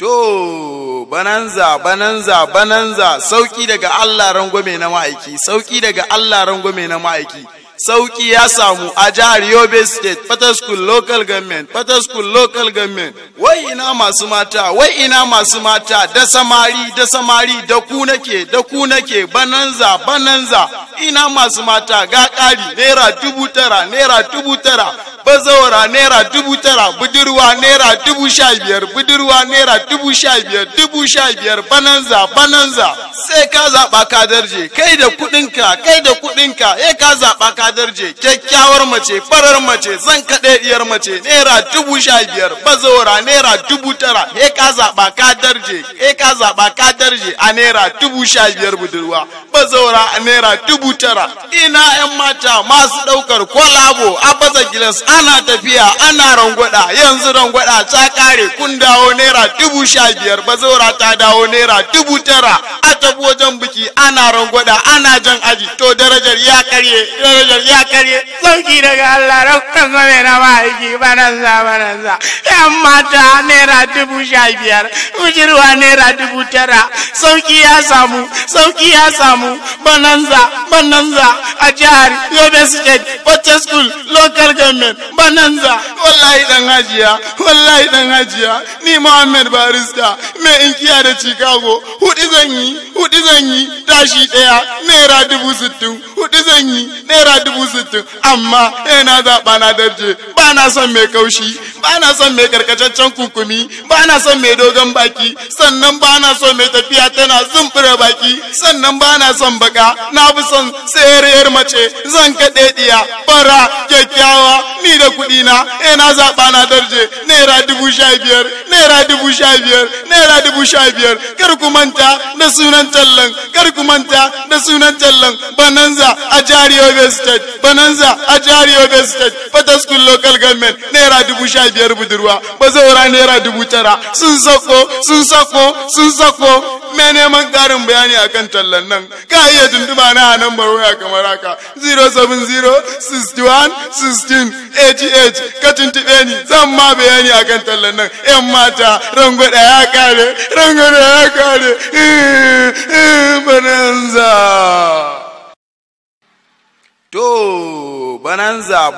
To, bananza, bananza, bananza, sauƙi daga Allah rangwame na ma'aiki, sauƙi daga Allah rangwame na ma'aiki. sauki ya samu a jihar yobe state School local government School local government wai ina masu mata wai ina masu mata da samari da samari da ku nake da ku nake bananza bananza ina masu mata ga ƙari naira dubu tara naira dubu tara bazawara naira dubu tara budurwa naira dubu sha biyar budurwa naira dubu sha biyar dubu sha biyar bananza bananza sai ka zaɓa ka darje kai da kuɗinka kai da kuɗinka ya eh, ka zaɓa ka kadarje kyakkyawar mace farar mace zan kaɗe diyar mace naira dubu sha biyar bazawara naira dubu tara he ka zaɓa ka darje he ka zaɓa ka darje a naira dubu sha biyar budurwa bazawara a naira dubu tara ina yan mata masu ɗaukar kwalabo a baza gilas ana tafiya ana rangwada yanzu rangwada ta kare kun dawo naira dubu sha biyar bazawara ta dawo naira dubu tara a tafi wajen biki ana rangwada ana jan aji to darajar ya karye darajar ya karye sauki daga Allah rafkan zame na ma'aiki bananza bananza yan mata naira dubu sha biyar bujirwa naira dubu tara sauki ya samu sauki ya samu bananza bananza a jihar yobe state wata school local government bananza wallahi dan hajiya wallahi dan hajiya ni muhammad barista mai inkiya da chicago hudu zan yi hudu zan yi tashi daya naira dubu sittin kuɗi zan yi naira dubu sittin amma yana eh, zaɓa na darje ba na son mai kaushi ba na son mai karkataccen kukumi ba na son mai dogon baki sannan ba na son mai tafiya tana zumbura baki sannan ba na son baka na fi son tsayar mace zan kaɗe ɗiya fara kyakkyawa ni da kuɗi eh, na yana zaɓa na darje naira dubu sha biyar naira dubu sha biyar naira dubu sha biyar kar ku manta da sunan tallan kar ku manta da sunan tallan bananza a jihar Yobe State, bananza a jihar Yobe State, Fataskun local government naira dubu sha biyar budurwa, bazaura naira dubu tara, sun sako, sun sako, sun sako. Me neman karin bayani akan tallan nan, ka iya tuntuba na a nan baro ya kamar haka, 070-61-16-88, ka tuntube ni zan ma bayani akan tallan nan, ‘yan mata, rangwada ya kare, rangwada ya kare, bananza bonanza